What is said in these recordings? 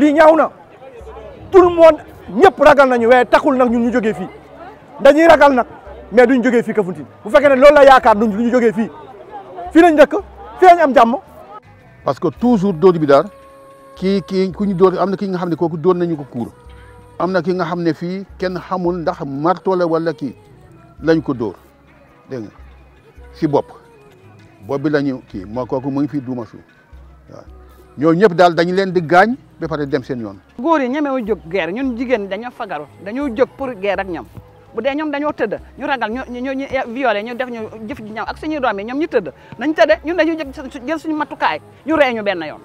lii ñaaw na tout le monde ñëpp ragal nañu waaye taxul nag ñun ñu jógee fii dañuy ragal nag mais duñ jógee fii Kafountine bu fekkee ne loolu la yaakaar duñ ñu jógee fii fii lañ dëkk fii lañ am jàmm. parce que toujours dóor bi daal kii kii ku ñu dóor am na ki nga xam ne kooku dóor nañu ko kuur am na ki nga xam ne fii kenn xamul ndax marto la wala kii lañ ko door dégg nga si bopp bopp bi la kii moo kooku mu ngi fi duuma suuf waaw ñooñu ñëpp daal dañu leen di gaañ. ba pare dem seen yoon. góor yi ñemewuñ jóg guerre ñun jigéen dañoo fagaru dañoo jóg pour guerre ak ñoom bu dee ñoom dañoo tëdd ñu ragal ñu ñu ñu violé ñu def ñu jëf ji ñaaw ak suñuy doom yi ñoom ñu tëdd nañ tëdd ñun dañuy jóg jël suñu matukaay ñu ree ñu benn yoon.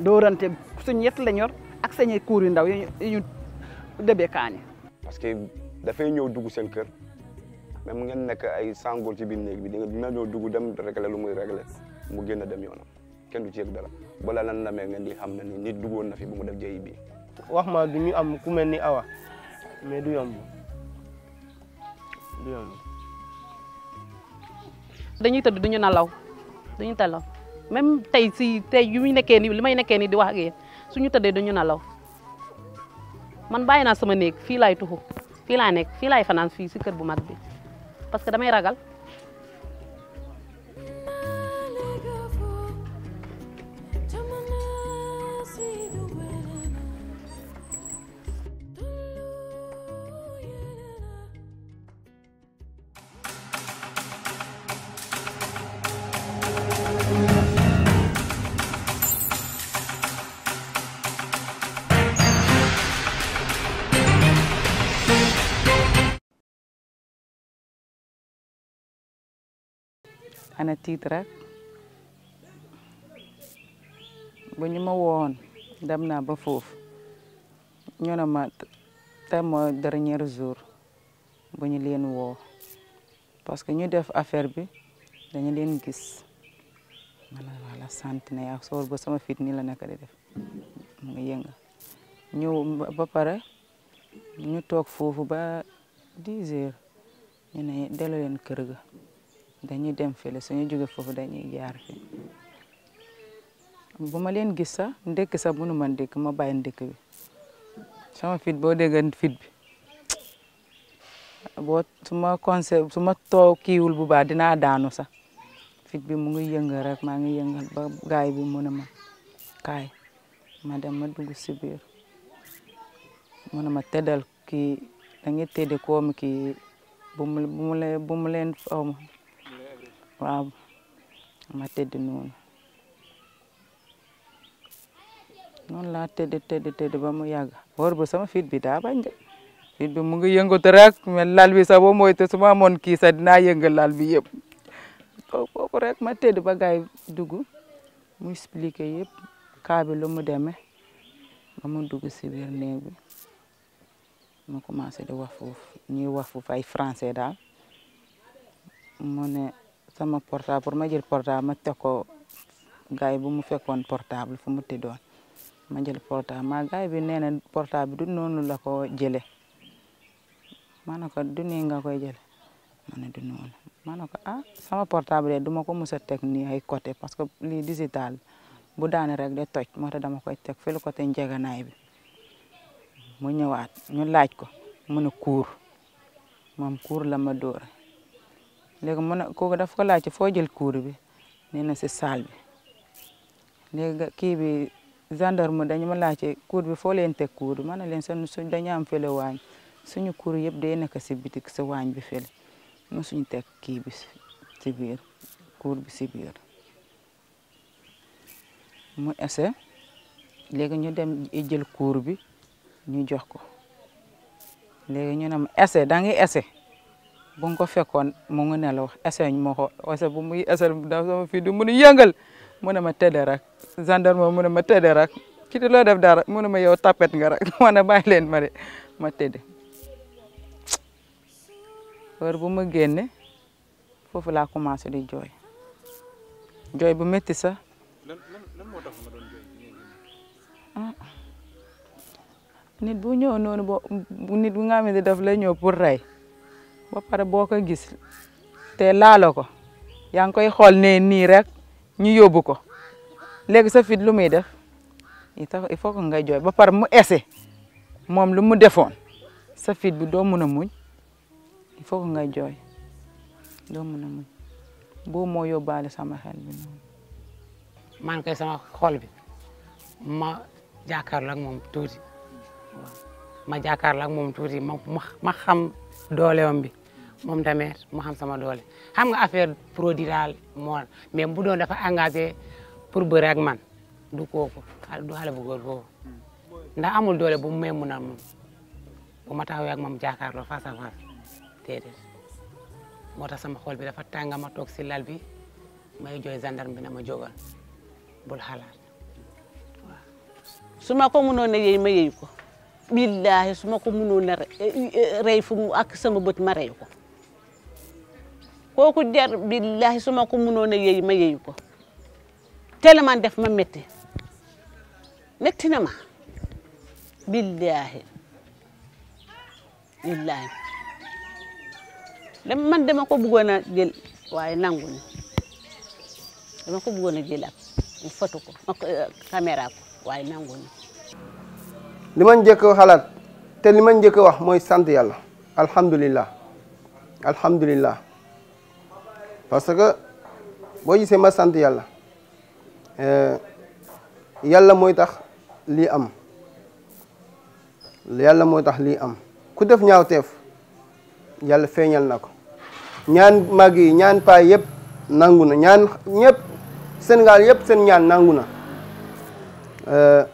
dóorante suñu yett lañ yor ak sañuy kuur yu ndaw yi ñu dëbee kaani parce que dafay ñëw dugg seen kër même ngeen nekk ay sangoor ci biir néeg bi dina ñëw dugg dem réglé lu muy réglé mu génn dem yoonam. kenn du ci yëg dara bala lan lamee ngeen di xam na ni nit duggoon na fi bu mu def jey bi wax ma du ñu am ku melni awa mais du yomb du yomb dañuy tëdd duñu nalaw duñu talaw même tay si tay yu mi nekké ni limay nekké ni di wax ak yeen suñu tëddee duñu nalaw man bayina sama néeg fi lay tuxu fi la nek fi lay fi ci kër bu mag bi parce que damay ragal ana tiit rek bu ñu ma woon dem naa ba fof ñu ne ma tey dernier jour bu ñu leen parce que ñu def affaire bi dañu leen gis mala wala sante ne ak soor ba sama fit ni la nekk di def mu ngi yeng ñu ba pare ñu tok fofu ba 10h ñu ne delo len kër ga dañu dem fële suñu joge fofu dañuy jaar fi buma len gis sa ndek sa bunu ma dekk ma bàyyi ndek bi sama fit bo degan fit bi bo suma conseil su ma too bu ba dina daanu sa fit bi mu ngi yëngal rek ma ngi ba gaay bi mu ne ma kay ma dem ma dugg ci biir mu ne ma tedal ki da nga tëdde bu mu bu mu waaw ma tëdd noonu noonu laa tëdd tëdd tëdd ba mu yàgg boor bu sama fit bi daa bañ fit bi mu ngi yëngatu rek mais lal bi sax boo moytu su ma amoon kii sax dinaa yëngal lal bi yëpp kooku rek ma tëdd ba gaay dugg mu expliqué yëpp kaa lu mu demee ba mu dugg si biir mu commencé di wax foofu ñuy wax foofu ay mu ne sama portable pour ma jël portable ma teg ko gars yi bu mu fekkoon portable fu mu tëddoon ma jël portable ma gars bi nee na portable du noonu la ko jëlee ma ne ko du nii nga koy jëlee ma ne du noonu ma ko ah sama portable de duma ko mos a teg nii ay côté parce que lii digital bu daane rek de toj moo tax dama koy teg fële côté njeganaay bi mo ñëwaat ñu laaj ko mu ne kuur moom kuur la ma dóor léegi mu ne kooku daf ko laajte foo jël cours bi nee na si sale bi léegi kii bi gendarme dañu ma laajte cours bi foo leen teg cours bi ma ne leen seen suñ dañu am fële waañ suñu cours yëpp day nekk si bitik si waañ bi fële mu suñu teg kii bi si biir cours bi si biir mu ese léegi ñu dem jël cours bi ñu jox ko léegi ñu ne ma ese da ngay bung ko fekkon mu ngi nelaw eseñ mo ko ose bu muy esel da sama fi du mun yengal mu ne ma tëdd rek gendarme mu ne ma tëdd rek ki di loo def dara mu ne ma yow tapet nga rek ma ne bàyyi leen ma de ma tedde heure bu ma génne fofu la commencé di joy joy bu métti sax ah. nit bu ñew nonu bo nit bu nga am ni daf la ñew pour ray ba pare boo ko gis te laalo ko yaa ngi koy xool ne nii rek ñu yóbbu ko léegi sa fit lu muy def il faut que ngay jooy ba pare mu ese moom lu mu defoon sa fit bi doo na a muñ il faut que ngay jooy doo boo moo yóbbaale sama xel bi noonu. maa ngi koy sama xol bi ma jàkkaarloo ak moom tuuti ma jàkkaarloo ak moom tuuti ma ma xam dooleem bi. moom tamit mu xam sama doole xam nga affaire produit daal moo mais bu doon dafa engagé pour bër ak man du kooku du xale bu góor boobu amul doole bu mu may mun a mun bu ma taxawee ak moom jàkkaarloo face à face moo tax sama xol bi dafa tànga ma toog si lal bi may jooy gendarme bi na ma jógal bul xalaat su ma ko mënoon a yey ma yey ko billaahi su ma ko mënoon a eh, eh, rey fu mu ak sama bët ma rey ko kooku der billahi su ma ko mënoon a yëy ma yëyu ko tellement def ma métti métti na ma billahi billahi dama man dama ko bëggoon a jël waaye nangu ni dama ko bëggoon a jël ak mu foto ko ma caméra ko waaye nangu ni li ma njëkk xalaat te li ma njëkk wax mooy sant yàlla alhamdulillah alhamdulillah parce que boo gisee ma sant yàlla euh, yàlla mooy tax lii am yàlla mooy tax lii am ku def ñaaw teef yàlla feeñal na ko ñaan mag yi ñaan paa yëpp nangu na ñaan ñëpp Sénégal yëpp seen ñaan nangu na euh,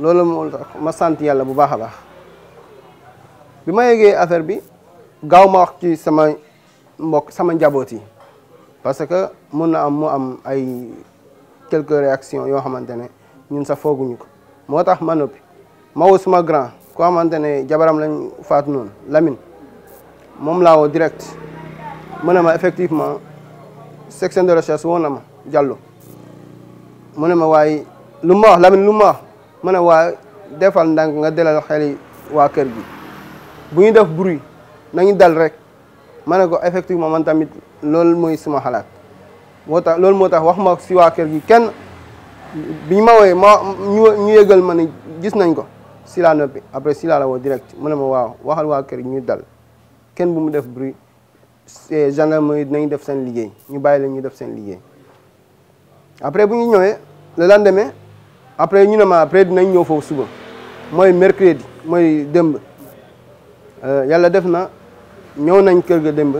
loolu moo tax ma sant yàlla bu baax a baax bi ma yëgee affaire bi gaaw ma wax ci sama mbokk sama njaboot yi parce que mun na am mu am ay quelques réactions yoo xamante ne ñun sax fooguñu ko moo tax ma noppi mawu suma grand koo xamante ne jabaram lañ faatu noonu Lamine moom laa woo direct mu ma effectivement section de recherche woo na ma Diallo mu ne ma waaye lu ma wax Lamine lu ma wax mu ne waaye defal ndànk nga delal xel yi waa kër gi bu ñu def bruit nañu dal rek ma ne ko effectivement man tamit lool mooy suma xalaat moo tax loolu moo tax wax ma si waa kër gi kenn biñu ma wooyee ma ñu ñu yëgal ma ne gis nañ ko si laa noppi après si laa la woo direct mane ne ma waaw waxal waa kër gi ñu dal kenn bu mu def bri bruit gendarmerie dinañ def seen liggéey ñu bàyyi la ñu def seen liggéey après bu ñu ñëwee le lendemain après ñu ne ma après dinañ ñëw foofu suba mooy mercredi mooy démb euh, yàlla def na ñëw nañ kër ga démb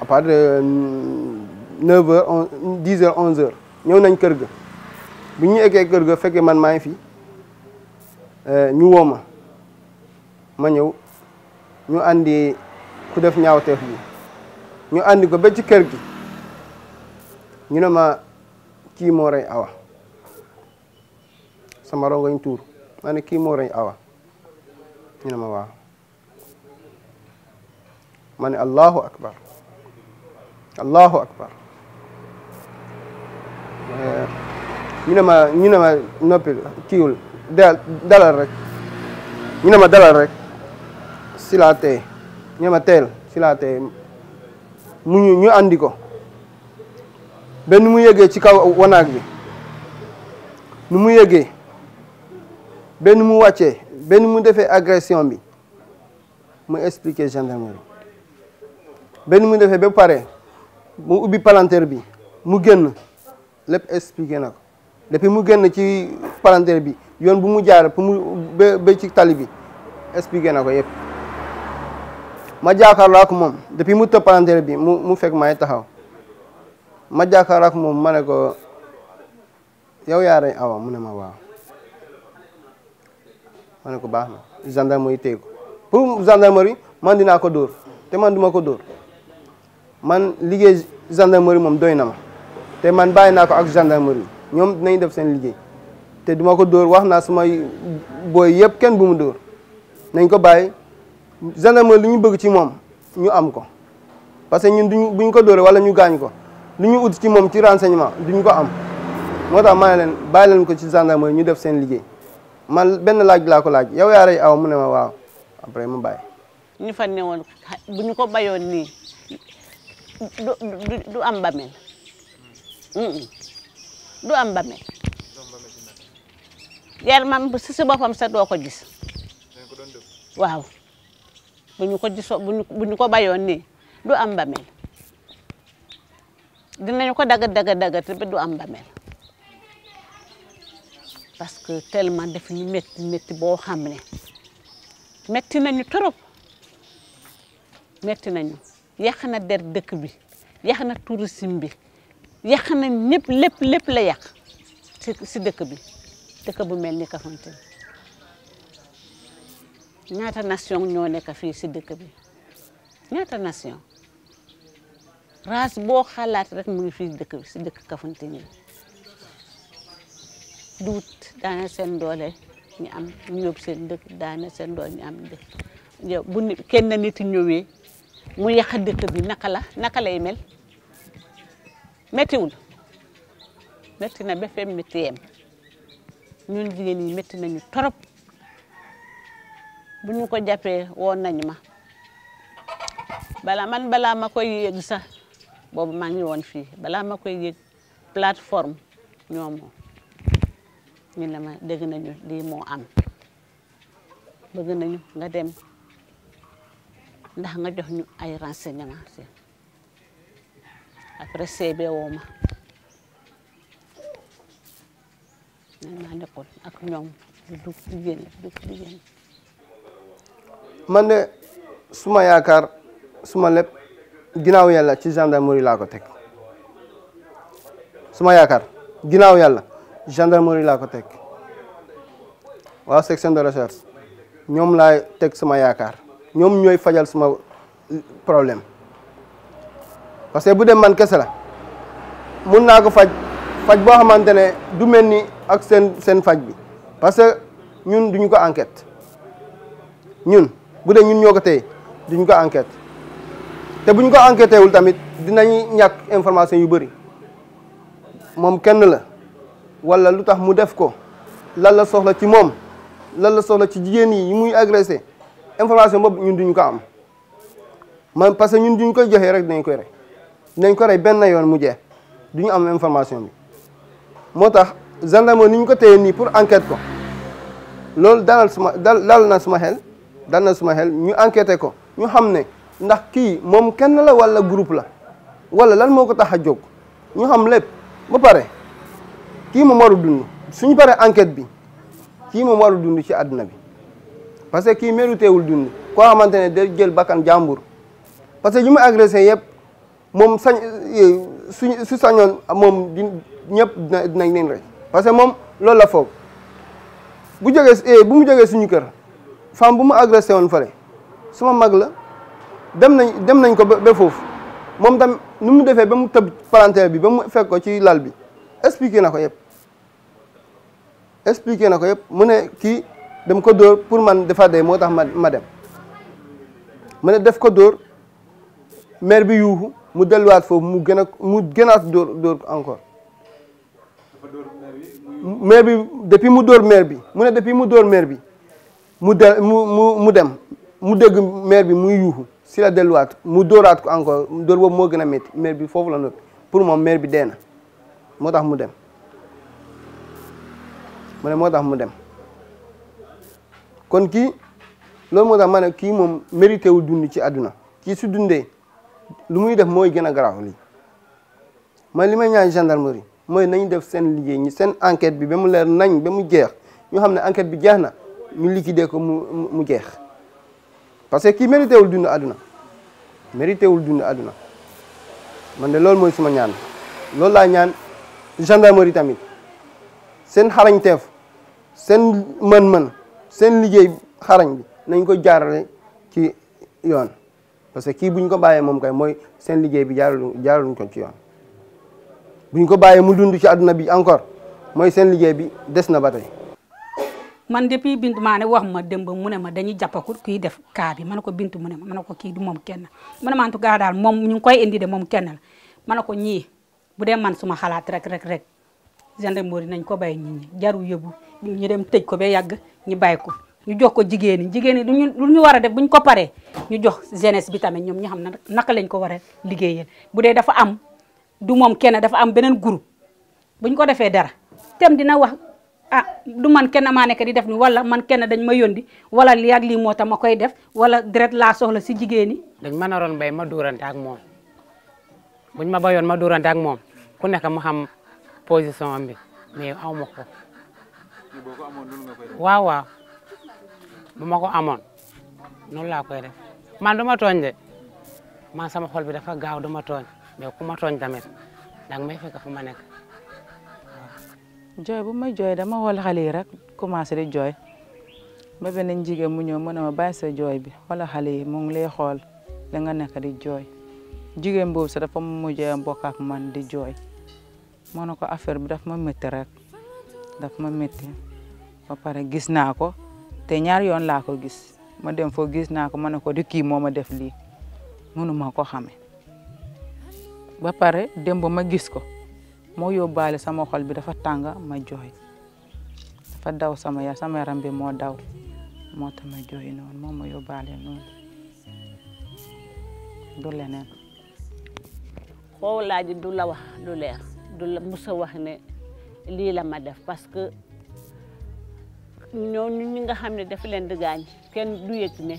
à part de euh, 9 heures 11 10 heures 11 heures ñëw nañ kër ga bu ñu eggee kër ga fekkee man maa ngi fi euh, ñu woo ma ma ñëw ñu andi ku def ñaawteef bi ñu andi ko ba ci kër gi ñu ne ma kii moo rey awa sama rongoñ tuur ma ne kii moo rey awa ñu ne ma waaw ma ne allahu akbar allahu akbar eh, ñu ma ñu ne ma noppi kiiwul dala rek ñu ne ma dalal rek silaate laa tey ma teel si mu ñu ñu andi ko benn mu yëgee ci kaw wanaag bi nu mu yëgee benn mu wàccee benn mu defee agression bi mu expliquer gendarmerie benn mu defee ba pare mu ubbi palanteer bi mu génn lépp expliqué nag ko depuis mu génn ci palanteer bi yoon bu mu jaar pour mu ba ci tali bi expliqué na ko yëpp ma jàkkaarloo ak moom depuis mu tëb palanteer bi mu mu fekk may taxaw ma jàkkaarloo moom mane ne ko yow yaa rey mu ne ma waaw ma ne ko baax na gendarmerie téye ko pour gendarmerie man dinaa ko dóor te man duma ko dóor man liggéey gendarmerie moom doy na ma te man bàyyi naa ko ak gendarmerie ñoom dinañ def seen liggéey te duma ko dóor wax naa samay booy yëpp kenn bu mu dóor nañ ko bàyyi gendarmerie lu ñu bëgg ci moom ñu am ko parce que ñun duñu bu ñu ko dóoree wala ñu gaañ ko lu ñu ut ci moom ci renseignement duñu ko am moo tax ma leen bàyyi leen ko ci gendarmerie ñu def seen liggéey man benn laaj laa ko laaj yow yaa rey aw mu ne ma waaw après mu bàyyi. ñu fa newoon bu ñu ko bayoon nii. du du am hmm du am bàmmeel yar mam bu si bopam sa do ko gis waaw bu ko gis buñu ko bayon ni du am bamel dinañ ko dag dag dag te du am bamel parce que tellement def ñu metti metti bo xam metti nañu torop metti nañu yàq na der dëkk bi yàq na tourisme bi yàq na ñëpp lépp lépp la yàq si dëkk bi dëkk bu mel ni Kafountine ñaata nation ñoo nekk fii si dëkk bi ñaata nation race boo xalaat rek mu ngi fii dëkk bi si dëkk Kafountine bi duut daana seen doole ñu am ñu yóbbu seen dëkk daana seen doole ñu am dëkk bu kenn nit mu yàq dëkk bi naka la naka lay mel méttiwul métti na ba fem métti yem ñun jigéen ñi métti nañu torop bu ñu ko jàppee woon nañu ma bala man balaa ma koy yëg sax boobu maa ngi woon fii balaa ma koy yëg plateforme ñoom ñu ne ma dégg nañu lii moo am bëgg nañu nga dem. ndax nga jox ñu ay renseignement seen woo ma man maa nekkoon ak ñoom man de suma yaakaar suma lépp ginnaaw yàlla ci gendarmerie laa ko teg suma yaakaar ginnaaw yàlla gendarmerie laa ko teg waaw section de recherche ñoom laay teg suma yaakaar ñom ñoy fajal suma problème parce que bu dem man kese la mun naa ko faj faj bo xamantene du melni ak sen sen faj bi parce que ñun duñu ko enquête ñun bu de ñun ñoko tey téye duñu ko enquête té buñ ko enquêté wul tamit dinañ ñak information yu bëri mom kenn la wala lutax mu def ko lan la soxla ci mom lan la soxla ci jigen yi muy agresser information bobu ñun duñu ko am man parce que ñun duñu ko joxe rek dañ koy rey dañ ko rey ben yoon mu jeex duñu am information bi motax gendarme niñ ko téye ni pour enquête ko lol dalal suma dal na suma hel dal na suma hel ñu enquêter ko ñu ndax ki mom kenn la wala groupe la wala lan moko ko tax a ñu xam lepp ba pare ki mo maru dund suñu paré enquête bi ki mo marudunu dund ci aduna bi parce que kii méritéwul dund koo xamante ne day jël bakkan jàmbur parce que ñu mu agressé yëpp moom sañ suñ su sañoon moom di ñëpp dinañ leen parce que moom loolu la foog bu jógee eh, bu mu jógee suñu kër femme bu mu agressé woon fale suma mag la dem nañ dem nañ ko ba foofu moom tam ni mu defee ba mu tëb palanteer bi ba mu fekk ko ci lal bi expliqué na ko yëpp expliqué na ko yëpp mu ne kii dem ko dóor pour man dafa dee moo tax ma ma dem ma ne def ko dóor maire bi yuuxu mu delluwaat foofu mu gën a mu gënaat dóor dóor encore maire bi depuis mu dóor maire bi mu ne depuis mu dóor maire bi mu de mu mu mu dem mu dégg maire bi muy yuuxu si la delluwaat mu dóoraat ko encore dóor boobu moo gën a métti maire bi foofu la noppi pour moom maire bi dee na moo tax mu dem mu ne moo tax mu dem kon kii loolu moo tax ma kii moom mérité wul dund ci àdduna kii su dundee lu muy def mooy gën a garaaw lii man li ma ñaan gendarmerie mooy nañ def seen liggéey ñi seen enquête bi ba mu leer nañ ba mu jeex ñu xam ne enquête bi jeex na ñu liquider ko mu mu jeex parce que kii mérité wul dund adduna mérité wul dund àdduna man de loolu mooy suma ñaan loolu laa ñaan gendarmerie tamit seen xarañteef seen man mën seen liggéey xarañ bi nañ ko jaarale ci yoon parce que kii bu ñu ko bàyyee moom kay mooy seen liggéey bi jaaralu jaaraluñ ko ci yoon bu ñu ko bàyyee mu dund ci àdduna bi encore mooy seen liggéey bi des na ba man depuis bintu maa ne wax ma démb mu ne ma dañuy jàppaku kuy def kaa bi ma ne ko bintu mu ne ma ma ko kii du moom kenn mu ne ma en tout daal moom ñu ngi koy indi de moom kenn ma ne ko ñii bu dee man suma xalaat rek rek rek. gendarmerie nañ ko bàyyi ñu ñi jarul yóbbu ñu dem tëj ko ba yàgg ñu bàyyi ko ñu jox ko jigéen ñi jigéen ñi duñu ñu war a def buñ ko paree ñu jox jeunesse bi tamit ñoom ñu xam ne naka lañ ko war a liggéeyee bu dee dafa am du moom kenn dafa am beneen groupe buñ ko defee dara tem dina wax ah du man kenn maa nekk di def ni wala man kenn dañ ma yóndi wala lii lii moo tax ma koy def wala deret laa soxla si jigéen ñi. dañ mën a ron bay ma duurante ak moom buñ ma bayoon ma duurante ak moom nekk mu xam. position am bi mais aw ma ko. boo bu ma ko amoon noonu laa koy def man du ma tooñ de man sama xol bi dafa gaaw du ma tooñ mais ku tooñ tamit danga may fekk fu ma nekk waaw. jooy bu ma jooy dama xool xale yi rek commencé di jooy ba beneen jigéen mu ñëw mu ne ma bàyyi sa jooy bi xoolal xale yi mu ngi lay xool da nga nekk di jooy jigéen boobu sax mu mujjee mbokk ak man di jooy. moo ne ko affaire bi daf ma métti rek daf ma métti ba pare gis naa ko te ñaar yoon laa ko gis ma dem foo gis naa ko ma ne ko di kii moo ma def lii mënu ma ko xamee ba pare dem ba ma gis ko moo yóbbaale sama xol bi dafa tàng ma jooy dafa daw sama ya sama yaram bi moo daw moo tax ma jooy noonu moo ma yóbbaale noonu du leneen. foo laaj du la wax du leer. du la wax ne lii la ma def parce que ñooñu ñi nga xam ne daf leen di gaañ kenn du yëg ne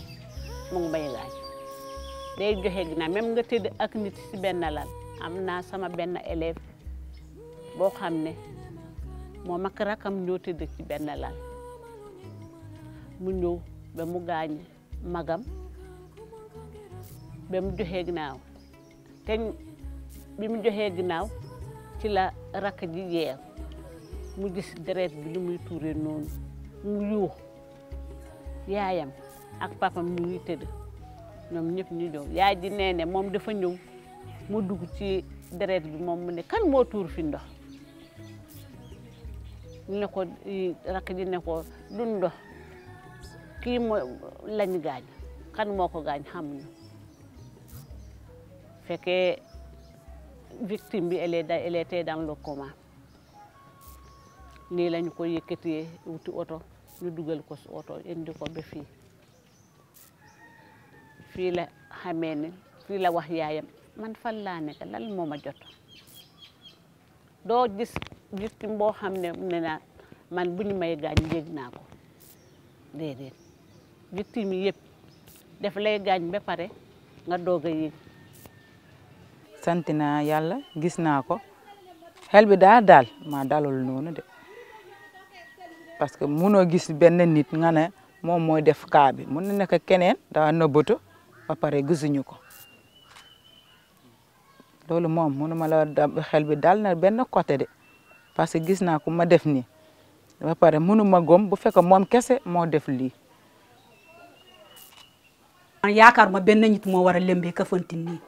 mu ngi may gaañ joxe ginnaaw même nga tëdd ak nit ci benn lal am naa sama benn élève boo xam ne moo ak rakam ñoo tëdd ci benn lal mu ñëw ba mu gaañ magam ba mu joxe ginnaaw te bi mu joxe ginnaaw ci la rakk ji jeel mu gis deret bi lu muy tuure noonu mu yuux yaayam ak papam ñu ngi tëdd ñoom ñëpp ñu ñëw yaay ji nee ne moom dafa ñëw mu dugg ci deret bi moom mu ne kan moo tuur fi ndox ñu ne ko rakk ji ne ko du kii moo lañ gaañ kan moo ko gaañ xamuñu fekkee victime mbi eleeteeɗam lokkoma ni lañu ko yëkkatie wuti oto ñu dugal ko so oto indi ko ba fii fii la xamee ne fii la wax yaayam man fan laa nekk lal mooma jot doo gis victime boo xam ne ne naa man bu ñu may gaañ jég naa ko déedéet victime yëpp daf lay gaañ ba pare nga doog a yëg sant naa yàlla gis naa ko xel bi daa daal maa dalul noonu de parce que munoo gis benn nit nga ne moom mooy def kaa bi mun na nekk keneen daa nëbbatu ba pare gisuñu ko loolu moom munuma la xel bi daal na benn côté de parce que gis naa ku ma def nii ba pare munuma gom bu fekkee moom kese moo def lii. yaakaar ma benn nit moo war a lembee Kafountine nii.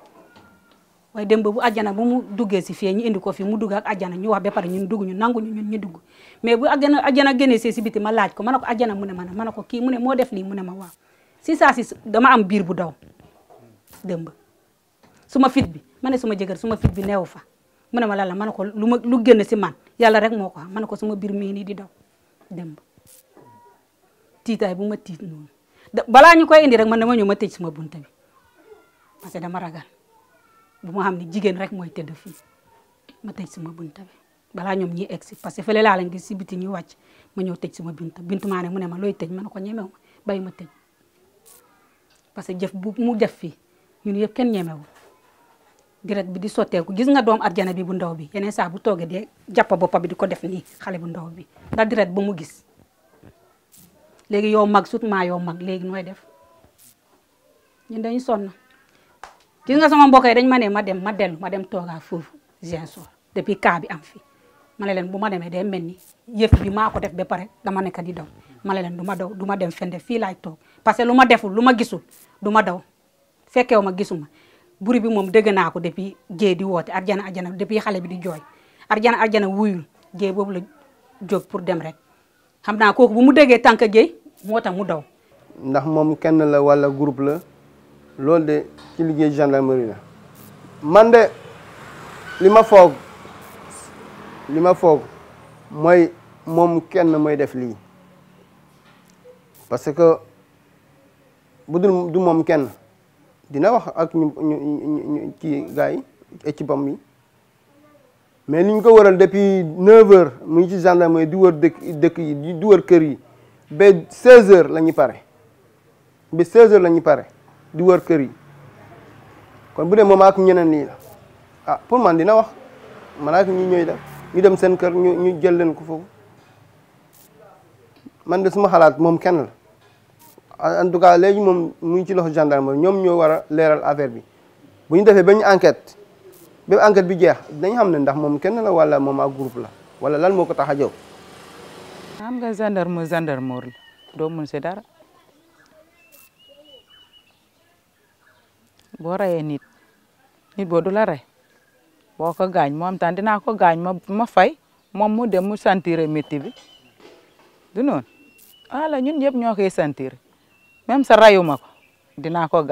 waaye dem ba bu àjjana bu mu duggee si fii ñu indi ko fi mu dugg ak àjjana ñu wax ba pare ñun dugg ñu nangu ñu ñun ñu dugg mais bu àjjana àjjana génnee see si biti ma laaj ko ma ne ko àjjana mu ne ma ma ne ko kii mu moo def lii mu ne ma waaw si saa si dama am biir bu daw démb suma fit bi ma ne suma jëkkër suma fit bi neew fa mu ne ma lala la ne ko lu ma lu génn si man yàlla rek moo ko xam ma ne ko suma biir mii nii di daw démb tiitaay bu ma tiit noonu balaa ñu ko indi rek man dama ñëw ma tëj suma bunta bi parce que ma ragal bu mu xam ni jigéen rek mooy tëdd fii ma tëj sama bunta bi balaa ñoom ñi egg si parce que fële laa leen gis si biti ñu wàcc ma ñëw tëj ma bunta buntu maa ne mu ne ma looy tëj ma ne ko ñemew ma bàyyi ma tëj parce que jëf bu mu def fii ñun yëpp kenn ñemewu deret bi di sotteeku gis nga doom arjana bi bu ndaw bi yeneen saa bu toogee de jàpp boppa bi di ko def nii xale bu ndaw bi ndax deret bu mu gis léegi yow mag sut maa yow mag léegi nooy def ñun dañu sonn gis nga sama mbokk yi dañ ma ne ma dem ma dellu ma dem toogaa foofu Ziguinchor depuis cas bi am fi ma ne leen bu ma demee de mel ni yëf bi maa ko def ba pare dama ka di daw ma ne leen du ma daw du ma dem fende fii laay toog parce que lu ma deful lu ma gisul du ma daw fekkeew ma gisuma buri bi moom dégg naa ko depuis jee di woote arjana arjana depuis xale bi di jooy arjana arjana wuyul jee boobu la jóg pour dem rek xam naa kooku bu mu déggee tànk jee moo tax mu daw ndax moom kenn la wala groupe la loolu de ci liggéey gendarmerie la man de li ma foog li ma foog mooy moom kenn mooy def lii parce que bu dul du moom kenn dina wax ak ñu ñu ci gars yi équipe am yi mais ni ñu ko waral depuis 9 heures mu ngi ci gendarmerie di wër dëkk dëkk yi di wër kër yi be 16 heures la ñu pare ba 16 heures la ñu pare. di wër kër yi kon bu dee moom ak ñeneen ni ah pour man dina wax man ak ñi ñoy def ñu dem seen kër ñu ñu jël leen ko fofu man de suma xalaat mom kenn la en tout cas légui mom muy ci loxo gendarmerie ñom ñoo wara léral affaire bi bu ñu défé ba enquête bi enquête bi jeex dañ xam ne ndax mom kenn la wala mom ak groupe la wala lan moko taxajo am nga gendarme gendarme do doo mun dara. bo raye nit nit bo dula ray rey boo ko gaañ moom tam dinaa ko gañ ma ma fay mom mu dem mu sentir metti bi du non ala ñun ñep ñoo sentir même sa rayu ma ko dinaa ko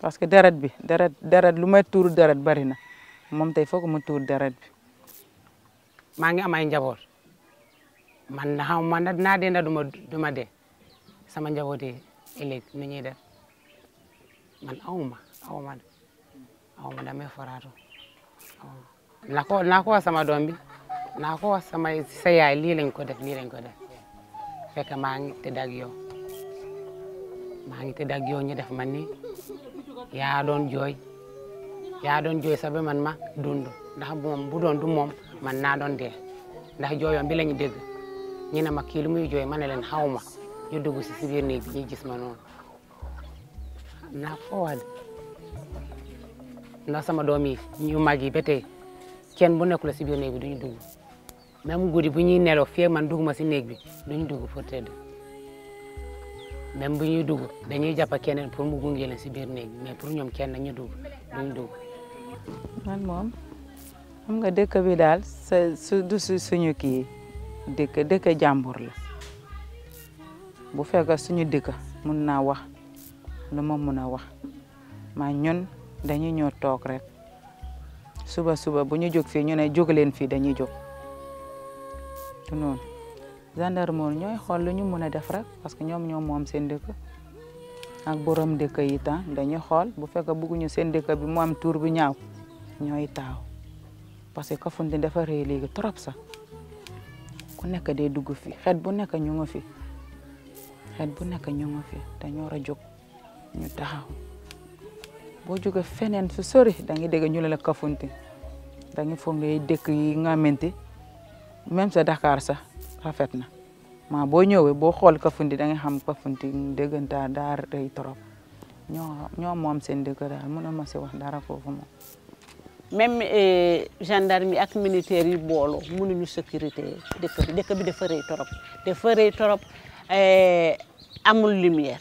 parce que deret bi deret deret lu may tour deret bari na moom tey foog mu tour deret bi. ma nga am ay njaboot man na xaw man na du duma du sama njaboot yi ëllëg nu def. man awma awma de awma dame forato nako nako sama doom bi nako sama sa yaay lii lañ ko def lii lañ ko def fekk maa ngi tëdd ak yow maa ngi tëdd ak yow ñu def man ni yaa doon jooy yaa doon jooy sax man ma dund ndax moom bu doon du moom man naa doon dee ndax jooyoon bi la ñu dégg ñu ne ma kii jooy ma ne leen xaw ñu dugg si si biir bi ñu gis noonu na forward ndax sama doom ñu mag yi tey kenn bu nekkul si biir néeg bi duñu dugg même guddi bu ñuy nelaw fii man dugguma si néeg bi duñu dugg pour tëdd même bu ñuy dugg dañuy jàppa keneen pour mu gunge leen si biir néeg bi mais pour ñoom kenn ñu dugg duñu dugg. man moom xam nga dëkk bi daal sa su du suñu kii dëkk dëkk jàmbur la bu fekkee suñu dëkk mun naa wax. Eh, lu ma mëna wax ma ñun dañuy ñoo toog rek suba suba bu ñu jóg fii ñu ne jóg leen fii dañuy jóg du noonu gendarmerie ñooy xool lu ñu mën a def rek parce que ñoom ñoo moom seen dëkk ak borom dëkk yi dañuy xool bu fekkee seen dëkk bi mu am tur bi ñaaw ñooy taaw parce que Kafountine dafa rëy léegi trop sax ku nekk day dugg fi xet bu nekk ñu nga fi xet bu nekk ñu nga fi dañoo war a ñu taxaw boo jóge feneen su sori da ngay dégg ñu kafunti da ngay foog ne dëkk yi nga xamante dakaar sa Dakar sax rafet na maa boo ñëwee boo xool kafunti da ngay xam kafunti déggantaa daa rëy trop ñoo ñoo moom seen dëkk daal mënoo ma si wax dara foofu moom. même eh, gendarme ak militaire yi booloo mënuñu sécurité dëkk bi dëkk bi dafa rëy trop eh, amul lumière.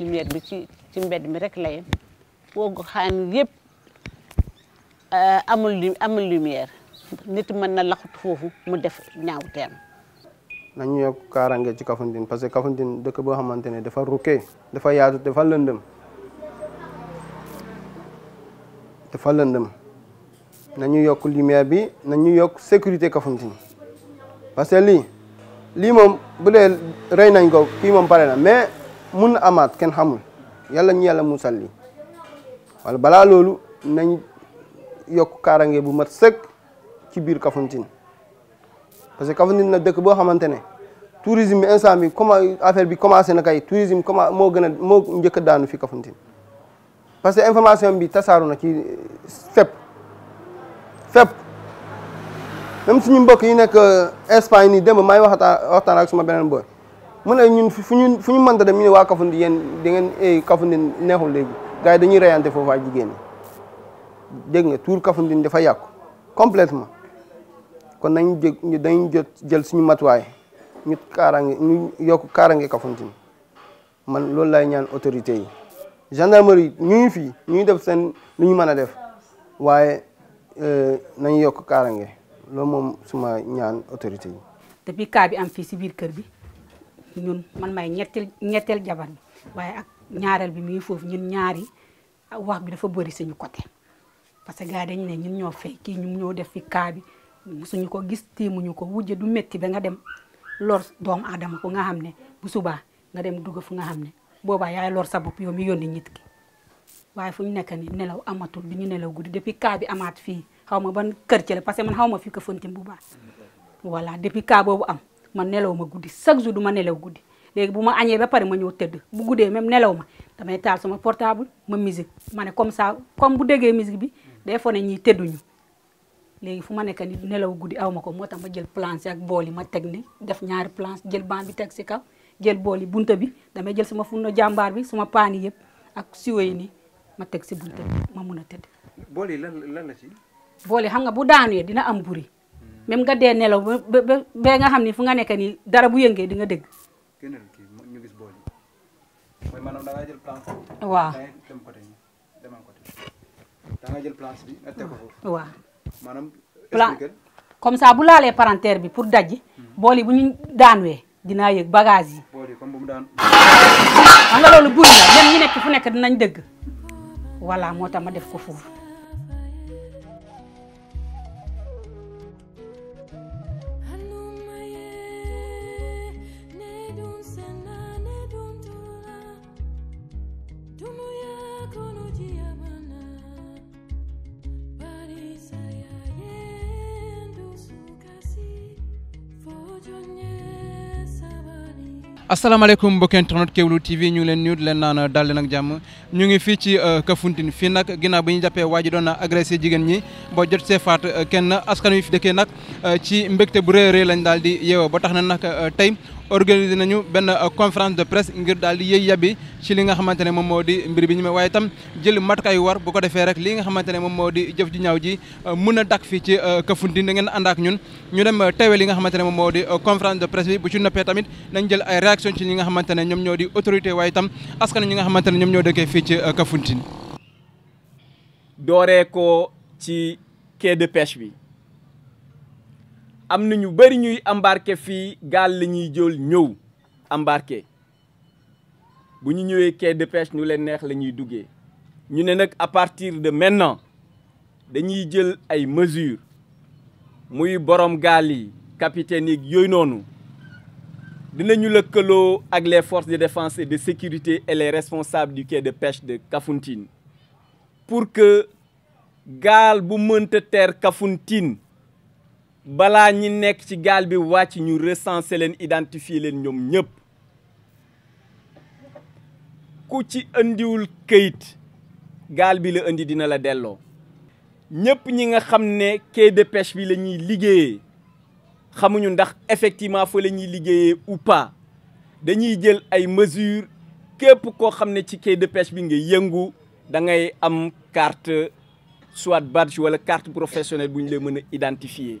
lumière bi ci ci mbedd mi rek lay yem xaan yëpp eh, amul amul lumière nit mën na laxut fofu mu def ñaaw teen nañu yokk karange ci Kafountine parce que Kafountine dekk bo xamantene dafa rukkee dafa yaatu dafa lëndëm dafa lëndëm nañu yokk lumière bi nañu yok sécurité Kafountine parce que li li mom bu dee rey nañ ko ki mom paré na mais mun amat ken hamul yalla ñu yalla musalli wal bala lolu nañ yok karange bu mat sekk ci bir Kafountine parce que Kafountine na dekk bo xamantene tourisme instant bi comment affaire bi commencer na kay tourisme comment mo gëna mo ñëk daanu fi Kafountine parce que information bi tassaru na ci euh, fep fep même suñu mbokk yi nek euh, Espagne ni dem may waxata waxtaan ak suma benen boy mu ne ñun fu ñu fu ñu mënta dem ñu ne waa Kafountine yéen da ngeen eh, Kafountine neexul léegi gars yi dañuy reyante foofu ak jigéen ñi dégg nga tuur Kafountine dafa yàqu complètement kon nañ jë dañu jot jël suñu matuwaay ñu kaaraange ñu yokk kaaraange Kafountine man loolu laay ñaan autorité yi gendarmerie ñu ngi fii ñu def seen lu ñu mën a def waaye euh, nañu yokk kaaraange loo moom suma ñaan autorité yi. depuis cas bi am fii si biir kër bi. ñun man may ñetteel ñetteel jabar bi waaye ak ñaareel bi muy foofu ñun ñaari wax bi dafa bëri suñu côté parce que gars dañu ne ñu ñoo fay kii ñu ñoo def fi kaa bi suñu ko gis tiimuñu ko wujje du métti ba nga dem lor doom adama ko nga xam ne bu subaa nga dem dugg fu nga xam ne boobaa yaay lor sa bopp yow mi yónni nit ki waaye fu ñu nekk ni nelaw amatul du ñu nelaw guddi depuis kaa bi amaat fii xaw ma ban kër ci la parce que man xaw ma fi ko fontim bu baax voilà depuis kaa boobu am man nelaw ma guddi chaque jour du ma nelaw guddi léegi bu ma añee ba pare ma ñëw tëdd bu guddee mem nelaw ma damay taal sama portable ma musique ma ne comme ça comme bu déggee musique bi day fone ñiy tëdduñu léegi fu ma nekk ni nelaw guddi aw ma ko moo tax ma jël planche ak bool yi ma teg ni def ñaari planche jël ban bi teg si kaw jël bool yi bunta bi damay jël sama funno jàmbaar bi sama paani yëpp ak siwo ni ma teg si bunta bi ma mun a tëdd. bool yi lan bool yi xam nga bu daanee dina am buri même nga dé nelaw be nga xamni fu nga nekk ni dara bu yëngé di nga dégg. ñu gis da jël plan foofu. waaw da ngay dem côté côté da nga jël plan bi nga teg ko plan comme ça bu laalee palanteer bi pour dajji mhm. bool yi bu ñu daanwee dina yëg bagage yi. bool yi comme bu mu daan. am nga lolu buy la même ñi fu nekk dinañ dégg wala moo tax ma def ko fofu asalaamaaleykum mbokki internet Kéwoulo TV ñu leen nuyu di leen naan daal nag ak jàmm ñu ngi fii ci euh, Kafountine fii nag ginnaaw bi ñu jàppee waa ji doon agressé jigéen ñi boo jot see faat euh, kenn askan wi fi dëkkee nag euh, ci mbégte bu rëy a rëy lañ daal di yeewoo ba tax na nag tey organisé nañu benn euh, conférence de presse ngir daal di yëy yabi ci li nga xamante ne moom moo di mbir bi ñu waaye itam jël matukaay war bu ko defee rek li nga xamante ne moom moo di jëf ju ñaaw ji euh, mun a dakk fii ci euh, Kafountine da ngeen ànd ak ñun ñu dem teewee li nga xamante ne moom moo di conférence de presse bi bu nañ jël ay réaction ci ñi nga xamante ne ñoom ñoo di autorité waaye itam askan ñi nga xamante ne ñoom ñoo dëkkee fii ci Kafountine dooree ko ci quai pêche bi nous ñu ñuy embarqué fi gal la embarqué bu ñu quai de pêche ñu leen neex les duggé ñu à partir de maintenant dañuy jël ay mesures borom capitaine yi les forces de défense et de sécurité et les responsables du quai de pêche de Kafountine pour que gal bu mënta balaa ñi nekk ci gaal bi wàcc ñu recenser leen identifier leen ñoom ñëpp ku ci andiwul kayit gaal bi la andi dina la delloo ñëpp ñi nga xam ne quai de pêche bi la ñuy liggéeyee xamuñu ndax effectivement fa la ñuy liggéeyee ou pas dañuy jël ay mesures képp koo xam ne ci quai de pêche bi nga yëngu da ngay am carte soit badge wala carte professionnelle bu ñu leen mën a identifier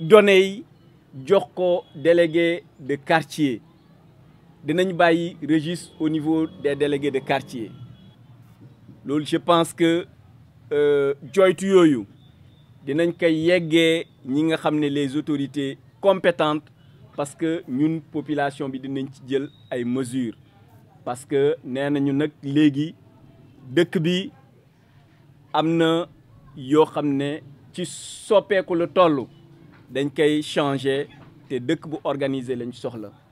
données yi jox ko délégué de quartier dinañ bayyi registre au niveau des délégués de quartier loolu je pense que euh, joytu yoyu dinañ kay yeggee ñi nga xam les autorités compétentes parce que ñun population bi dinañ ci jël ay mesures parce que nee nañu nag léegi dëkk bi amna yo xamné ci ne ko soppeeku tollu dañ koy changer té dëkk bu organiser lañ soxla